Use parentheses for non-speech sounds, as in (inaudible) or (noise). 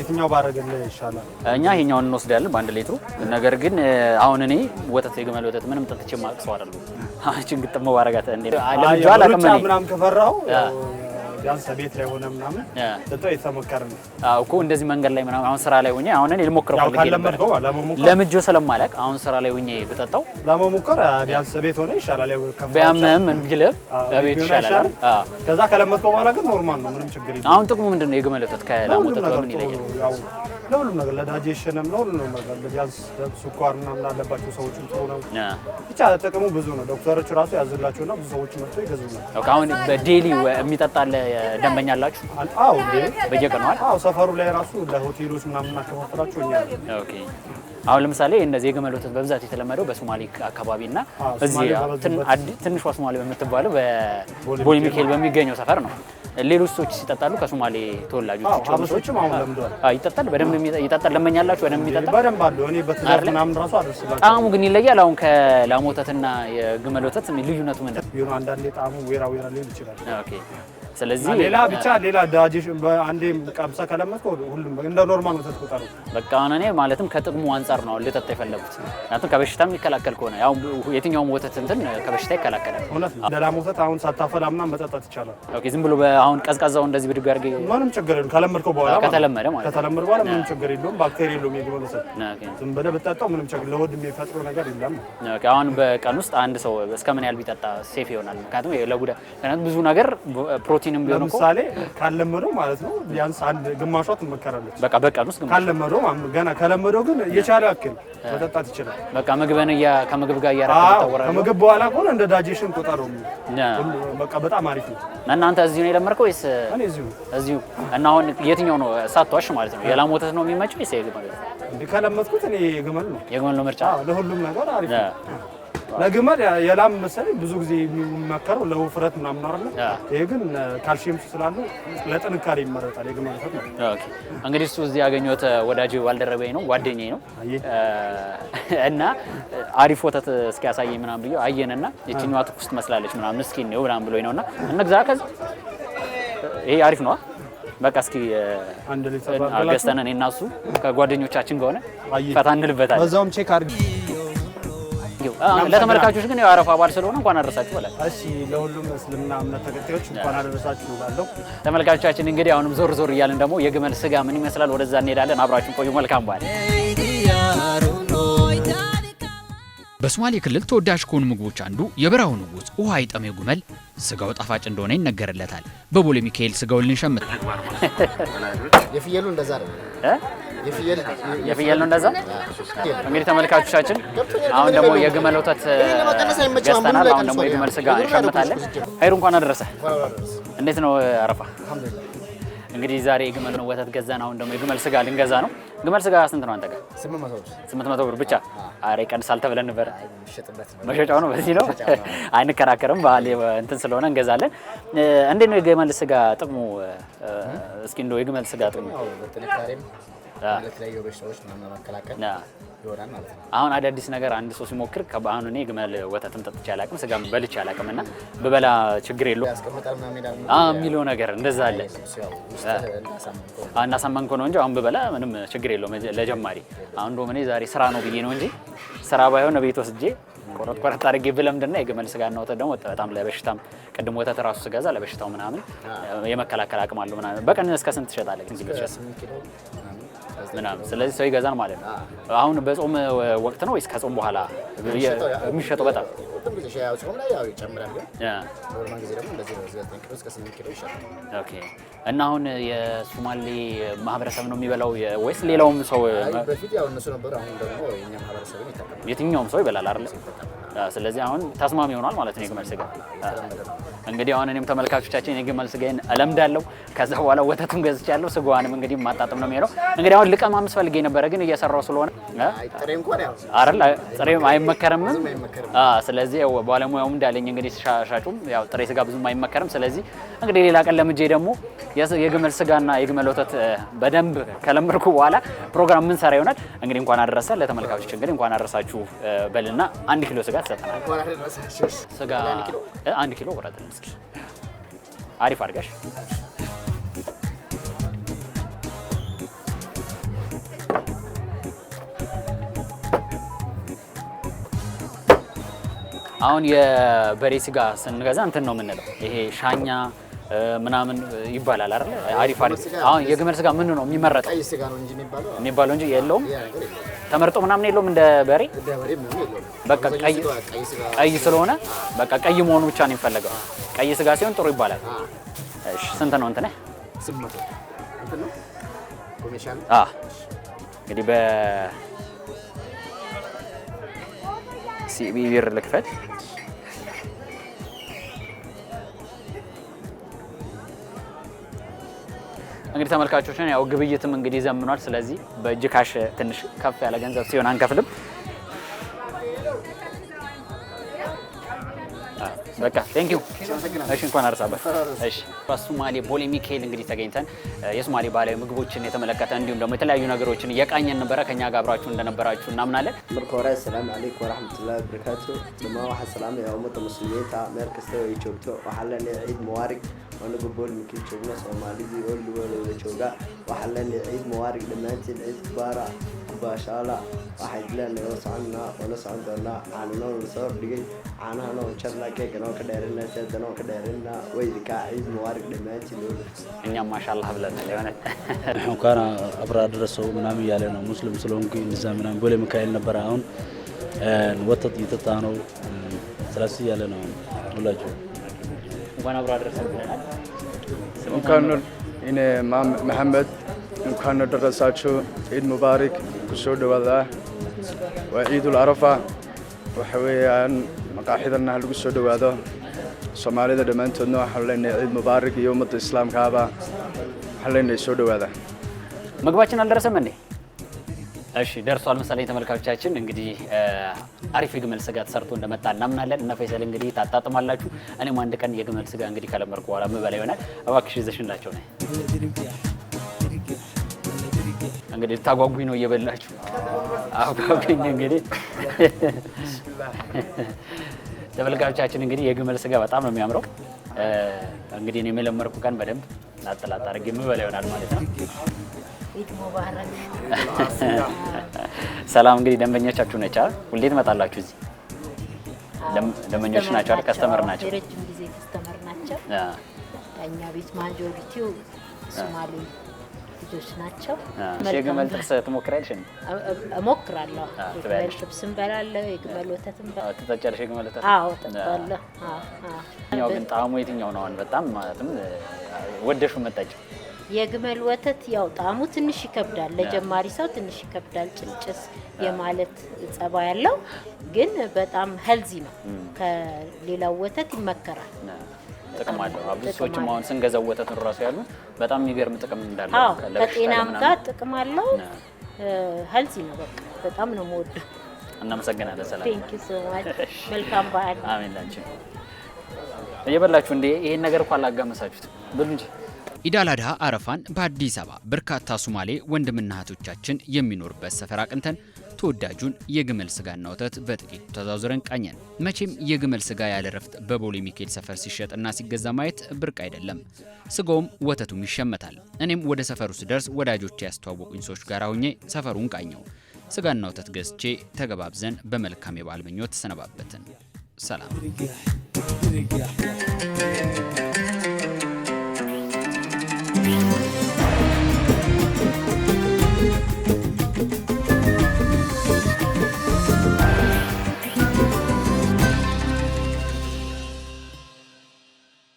የትኛው ባረገልን ይሻላል? እኛ ይሄኛውን እንወስዳለን በአንድ ሌትሩ። ነገር ግን አሁን እኔ ወተት የግመል ወተት ምንም ጠጥቼ ማቅሰው አይደለም። አንቺን ግጥም ባረጋት እንዴ አለም ጃላ ከመኔ ምናምን ከፈራው ቢያንስ ቤት ላይ ሆነ ምናምን ልጠው የተሞከረ ነው እኮ እንደዚህ መንገድ ላይ ምናምን። አሁን ስራ ላይ ሆኜ አሁን እኔ ልሞክር ለምጆ ስለማላውቅ አሁን ስራ ላይ ሆኜ ብጠጣው ለመሞከር ቢያንስ ቤት ሆነ ይሻላል። ቢያምም እንግልብ ቤት ይሻላል። ከዛ ከለመድከው በኋላ ግን ኖርማል ነው፣ ምንም ችግር የለም። አሁን ጥቅሙ ምንድን ነው? የግመል ወተት ከላም ወተት በምን ይለያል? ለሁሉም ነገር ለዳይጀሽንም ነው ሁሉ ነገር ለጃዝ ስኳር ምናምን አለባቸው ሰዎች ጥሩ ነው። ብቻ ጥቅሙ ብዙ ነው። ዶክተሮቹ ራሱ ያዝላቸውና ብዙ ሰዎች መጥተው ይገዙናል። አሁን በዴሊ የሚጠጣለ ደንበኛ አላችሁ? አዎ፣ በየቀኑ አዎ። ሰፈሩ ላይ ራሱ ለሆቴሎች ምናምን እናከፋፍላቸው እኛ። ኦኬ። አሁን ለምሳሌ እነዚህ የግመል ወተት በብዛት የተለመደው በሶማሌ አካባቢ እና እዚህ ትንሿ ሶማሌ በምትባለው በቦሌ ሚካኤል በሚገኘው ሰፈር ነው። ሌሎች ሰዎች ሲጠጣሉ ከሶማሌ ተወላጆች ሀበሾችም ይጠጣል፣ በደንብ ይጠጣል። ለመኛላችሁ በደንብ ይጠጣል፣ ጣዕሙ ግን ይለያል። አሁን ከላም ወተትና የግመል ወተት ልዩነቱ ምንድን ነው? አንዳንዴ ጣዕሙ ዌራ ዌራ ሊሆን ይችላል። ኦኬ ስለዚህ ሌላ ብቻ ሌላ ዳጅሽ በአንዴ ቀምሰ ከለመጥኩ ሁሉም እንደ ኖርማል ወተት ቁጠሩ። በቃ አሁን እኔ ማለትም ከጥቅሙ አንጻር ነው ልጠጣ የፈለጉት። ምክንያቱም ከበሽታ የሚከላከል ከሆነ ያው የትኛውም ወተት እንትን ከበሽታ ይከላከላል። እውነት ለላም ወተት አሁን ሳታፈላ ምናምን መጠጣት ይቻላል። ኦኬ ዝም ብሎ አሁን ቀዝቃዛው እንደዚህ ብድግ አድርጌ ምንም ችግር የለውም። ከለመድከው በኋላ ከተለመደ ማለት ከተለመደ በኋላ ምንም ችግር የለውም። ባክቴሪያ የለውም። የግመል ወተት ዝም ብለህ ብትጠጣው ምንም ችግር ለሆድ የሚፈጥረው ነገር የለም። ኦኬ አሁን በቀን ውስጥ አንድ ሰው እስከምን ያህል ቢጠጣ ሴፍ ይሆናል? ምክንያቱም ለጉዳት ብዙ ነገር ፕሮቲን ቲንም ቢሆን ለምሳሌ ካልለመደው ማለት ነው ቢያንስ አንድ ግማሿ ትመከራለች። በቃ በቀን ውስጥ ካልለመደው ገና ከለመደው ግን የቻለ ያክል መጠጣት ይችላል። በቃ ምግብን ከምግብ ጋር እያደረገ ከምግብ በኋላ ከሆነ እንደ ዳጀሽን ቆጠረው በቃ በጣም አሪፍ ነው። እናንተ እዚሁ ነው የለመድከው ወይስ እዚሁ? እና አሁን የትኛው ነው ሳትዋሽ ማለት ነው የላም ወተት ነው የሚመቸው ወይስ የግመል? ከለመድኩት እኔ የግመል ነው የግመል ነው ምርጫ ለሁሉም ነገር አሪፍ ነው። ለግመል የላም መሰለኝ ብዙ ጊዜ የሚመከረው ለውፍረት ምናምን አለ። ይሄ ግን ካልሲየም ስላለው ለጥንካሬ ይመረጣል የግመል ወተት ነው። እንግዲህ እሱ እዚህ ያገኘሁት ወዳጅ ባልደረበኝ ነው ጓደኛዬ ነው እና አሪፍ ወተት እስኪያሳየኝ ምናምን ብዬ አየንና የትኛዋ ትኩስ ትመስላለች ምናምን እስኪ ነው ምናምን ብሎኝ እና እንግዛ ከዚህ ይሄ አሪፍ ነው። በቃ እስኪ አንድ ሊትር ገዝተን እኔ እና እሱ ከጓደኞቻችን ከሆነ ፈታ እንልበታለን። በዛውም ቼክ አድርጊ ለተመልካቾች ግን የአረፋ በዓል ስለሆነ እንኳን አደረሳችሁ በላል። እሺ ለሁሉም እስልምና እምነት ተከታዮች እንኳን አደረሳችሁ እላለሁ። ተመልካቾቻችን እንግዲህ አሁንም ዞር ዞር እያልን ደግሞ የግመል ስጋ ምን ይመስላል ወደዛ እንሄዳለን። አብራችሁን ቆዩ። መልካም በዓል። በሶማሌ ክልል ተወዳጅ ከሆኑ ምግቦች አንዱ የበረሃው ንጉስ ውሃ አይጠም የግመል ስጋው ጣፋጭ እንደሆነ ይነገርለታል። በቦሌ ሚካኤል ስጋውን ልንሸምት የፍየሉ እንደዛ የፍየል ነው እንደዛ። እንግዲህ ተመልካቾቻችን አሁን ደግሞ የግመል ወተት ገዝተናል። አሁን ደግሞ የግመል ስጋ እንሸምታለን። ሀይሩ እንኳን አደረሰ። እንዴት ነው አረፋ? እንግዲህ ዛሬ የግመል ወተት ገዛን። አሁን ደግሞ የግመል ስጋ ልንገዛ ነው። ግመል ስጋ ስንት ነው አንተ ጋር? ስምንት መቶ ብር ብቻ። አረ ይቀንሳል ተብለን ነበር። መሸጫው ነው በዚህ ነው (laughs) አይንከራከርም። ባህል እንትን ስለሆነ እንገዛለን። እንዴት ነው የግመል ስጋ ጥቅሙ? እስኪ እንደው የግመል ስጋ ጥቅሙ ለተለያዩ በሽታዎች ለመከላከል ይሆናል ማለት ነው። አሁን አዳዲስ ነገር አንድ ሰው ሲሞክር አሁን እኔ ግመል ወተትም ጠጥቼ አላውቅም፣ ስጋም በልቼ አላውቅም እና ብበላ ችግር የለውም የሚለው ነገር እንደዛ አለ። እናሳመንኮ ነው እንጂ አሁን ብበላ ምንም ችግር የለውም ለጀማሪ። አሁን እንደውም እኔ ዛሬ ስራ ነው ብዬ ነው እንጂ ስራ ባይሆን ቤት ወስጄ ቆረጥ ቆረጥ አድርጌ ብለምድና የግመል ስጋ ስጋና ወተት ደግሞ በጣም ለበሽታም ቅድም ወተት ራሱ ስገዛ ለበሽታው ምናምን የመከላከል አቅም አለው ምናምን። በቀን እስከ ስንት ትሸጣለህ? ምናምን። ስለዚህ ሰው ይገዛል ማለት ነው። አሁን በጾም ወቅት ነው ወይስ ከጾም በኋላ የሚሸጠው? በጣም እና አሁን የሶማሌ ማህበረሰብ ነው የሚበላው ወይስ ሌላውም ሰው? የትኛውም ሰው ይበላል አይደል? ስለዚህ አሁን ተስማሚ ይሆናል ማለት ነው የግመል ስጋ እንግዲህ አሁን እኔም ተመልካቾቻችን የግመል ስጋዬን እለምዳለሁ። ከዛ በኋላ ወተቱን ገዝቻለሁ። ስጋዋንም እንግዲህ ማጣጥም ነው የሚሄደው። እንግዲህ አሁን ልቀማ የምትፈልግ ነበረ ግን እየሰራው ስለሆነ አይደል ጥሬም አይመከርምም። ስለዚህ ያው ባለሙያውም እንዳለኝ እንግዲህ ሻጩም ያው ጥሬ ስጋ ብዙም አይመከርም። ስለዚህ እንግዲህ ሌላ ቀን ለምጄ ደግሞ የግመል ስጋና የግመል ወተት በደንብ ከለመድኩ በኋላ ፕሮግራም ምን ሰራ ይሆናል። እንግዲህ እንኳን አደረሰ ለተመልካቾች እንግዲህ እንኳን አደረሳችሁ በልና አንድ ኪሎ ስጋ ትሰጠናል። ስጋ አንድ ኪሎ ወረድ እስኪ አሪፍ አድርገሽ አሁን የበሬ ስጋ ስንገዛ እንትን ነው የምንለው፣ ይሄ ሻኛ ምናምን ይባላል አይደል? አሪፍ አሪፍ። አሁን የግመል ስጋ ምን ነው የሚመረጠው? የሚባለው እንጂ የለውም ተመርጦ ምናምን የለውም። እንደ በሬ በቃ ቀይ ስለሆነ በቃ ቀይ መሆኑ ብቻ ነው የሚፈለገው። ቀይ ስጋ ሲሆን ጥሩ ይባላል። እሺ፣ ስንት ነው እንትነ? አዎ እንግዲህ በሲቢ ብር ልክፈል እንግዲህ ተመልካቾችን ያው ግብይትም እንግዲህ ዘምኗል። ስለዚህ በእጅ ካሽ ትንሽ ከፍ ያለ ገንዘብ ሲሆን አንከፍልም። በቃ ቴንክ ዩ እሺ፣ እንኳን አርሳበት። እሺ፣ በሶማሌ ቦሌ እንግዲህ ተገኝተን የሶማሌ ባህላዊ ምግቦችን የተመለከተ እንዲሁም ደግሞ የተለያዩ ነገሮችን እየቃኘ ነበረ። ከኛ ጋር አብራችሁ እንደነበራችሁ እናምናለን። ምርኮ ሰላም አለይኩም ወራህመቱላሂ ወበረካቱ ለማ ሰላም ያው ሙስሊሜታ መርከስተ ኢትዮጵያ ወሐለኒ ዒድ መዋሪክ ወንጉ ቦሌ ሚካኤል ቾብነ ሶማሊ jooga waxaa leenahay ciid mawaarig dhammaanteen ciid kubaara kubaashaala waxaa idleen oo soconaa oo la socon doonaa caananoo la soo dhigay caanaha noo jarna keega noo ka dheerinaa seeda noo ka dheerinaa weydkaa ciid mawaarig dhammaantiin እኛም ማሻአላህ ብለናል የሆነ አሁን ካና አብራ ደረሰው ምናምን እያለ ነው ሙስሊም ስለሆንኩ እዛ ምናምን ቦሌ ሚካኤል ነበረ አሁን ወተት እየጠጣ ነው ስለስ እያለ ነው ሁላችሁ እንኳን አብራ ደረሰው ብለናል እንኳን ine maam maxamed mukano dhaqasaajo ciid mubaarak ku soo waa ciidul carafa waxa weeyaan maqaaxidanna lagu soo dhowaado soomaalida dhammaantoodna waxaanu leenahay ciid mubaarak iyo ummadda islaamkaaba waxaan leenahay soo dhowaada magbaajin aldarasa mane እሺ ደርሷል መሰለኝ ተመልካቾቻችን። እንግዲህ አሪፍ የግመል ስጋ ተሰርቶ እንደመጣ እናምናለን። እና ፈይሰል እንግዲህ ታጣጥማላችሁ። እኔም አንድ ቀን የግመል ስጋ እንግዲህ ከለመድኩ በኋላ ምበላ ይሆናል። እባክሽ ይዘሽላቸው ነ እንግዲህ ልታጓጉኝ ነው እየበላችሁ። አጓጉኝ እንግዲህ ተመልካቾቻችን። እንግዲህ የግመል ስጋ በጣም ነው የሚያምረው። እንግዲህ እኔ የለመድኩ ቀን በደንብ ላጥ ላጥ አድርጌ ምበላ ይሆናል ማለት ነው። (laughs) ሰላም እንግዲህ ደንበኞቻችሁ ነች አይደል? ሁሌ ትመጣላችሁ እዚህ? ደንበኞች ናቸው አይደል? ከስተመር ናቸው። የረጅም ጊዜ ከስተመር ናቸው። እኛ ቤት ማጆሪቲው ሶማሌ ልጆች ናቸው። የግመል ጥብስ ትሞክሪያለሽ? እሞክራለሁ። የግመል ጥብስ እንበላለሁ። የግመል ወተት እንበላለሁ። ትጠጫለሽ? የግመል ወተት? አዎ እጠጣለሁ። ግን ጣዕሙ የትኛው ነው? አሁን በጣም ማለትም ወደሹ መጠጭ የግመል ወተት ያው ጣዕሙ ትንሽ ይከብዳል፣ ለጀማሪ ሰው ትንሽ ይከብዳል። ጭልጭስ የማለት ጸባ ያለው ግን በጣም ሄልዚ ነው። ከሌላው ወተት ይመከራል። ጥቅም አለው። ብዙ ሰዎችም አሁን ስንገዛው ወተት ራሱ ያሉ በጣም የሚገርም ጥቅም እንዳለው ከጤናም ጋር ጥቅም አለው። ሄልዚ ነው። በቃ በጣም ነው መወዱ። እናመሰግናለን። ሰላም መልካም በዓል። አሜን። ላንቺ እየበላችሁ እንዴ? ይሄን ነገር እኮ አላጋመሳችሁት ብሉ እንጂ ኢዳላድሃ አረፋን በአዲስ አበባ በርካታ ሱማሌ ወንድምና እህቶቻችን የሚኖርበት ሰፈር አቅንተን ተወዳጁን የግመል ስጋና ወተት በጥቂቱ ተዛዙረን ቃኘን። መቼም የግመል ስጋ ያለ ረፍት በቦሌ ሚካኤል ሰፈር ሲሸጥና ሲገዛ ማየት ብርቅ አይደለም። ስጋውም ወተቱም ይሸመታል። እኔም ወደ ሰፈሩ ስደርስ ወዳጆቼ ያስተዋወቁኝ ሰዎች ጋር ሁኜ ሰፈሩን ቃኘው። ስጋና ወተት ገዝቼ ተገባብዘን በመልካም የበዓል ምኞት ተሰነባበትን። ሰላም